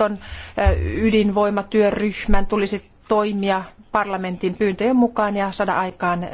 on ydinvoimatyöryhmän tulisi toimia parlamentin pyyntöjen mukaan ja saada aikaan